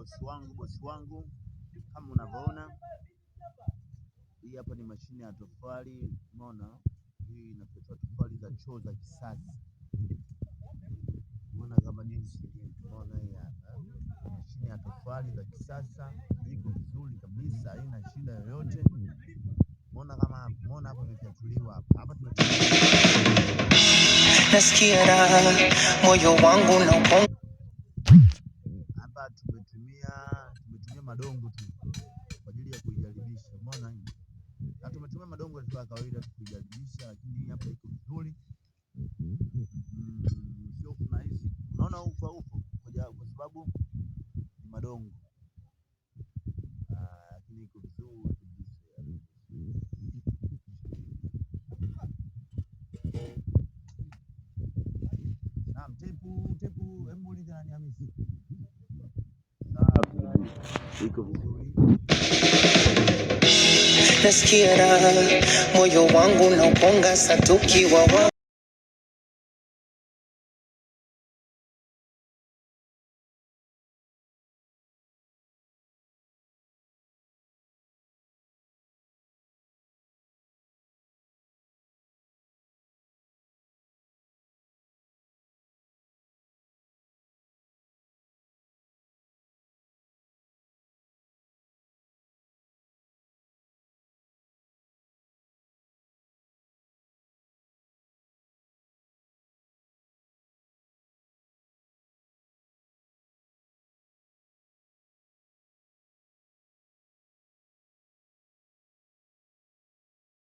bosi wangu, bosi wangu kama unavyoona, hii hapa ni mashine ya tofali. Unaona hii inapetwa tofali za choo za kisasa, unaona kama jinsi unaona hii hapa mashine ya tofali za kisasa iko vizuri kabisa, haina shida yoyote. Unaona kama unaona hapa imefyatuliwa hapa hapa nasikia raha moyo wangu na hapa tumetumia tumetumia madongo tu kwa ajili ya kuijaribisha, umeona na tumetumia madongo tu ya kawaida kuijaribisha, lakini hapa iko vizuri, mm, sio kuna hizi, unaona huko huko kwa sababu ni madongo, ah, lakini iko tepu tepu, hebu uliza nani Hamisi iko vizuri. Nasikia raha moyo wangu na uponga satuki wawa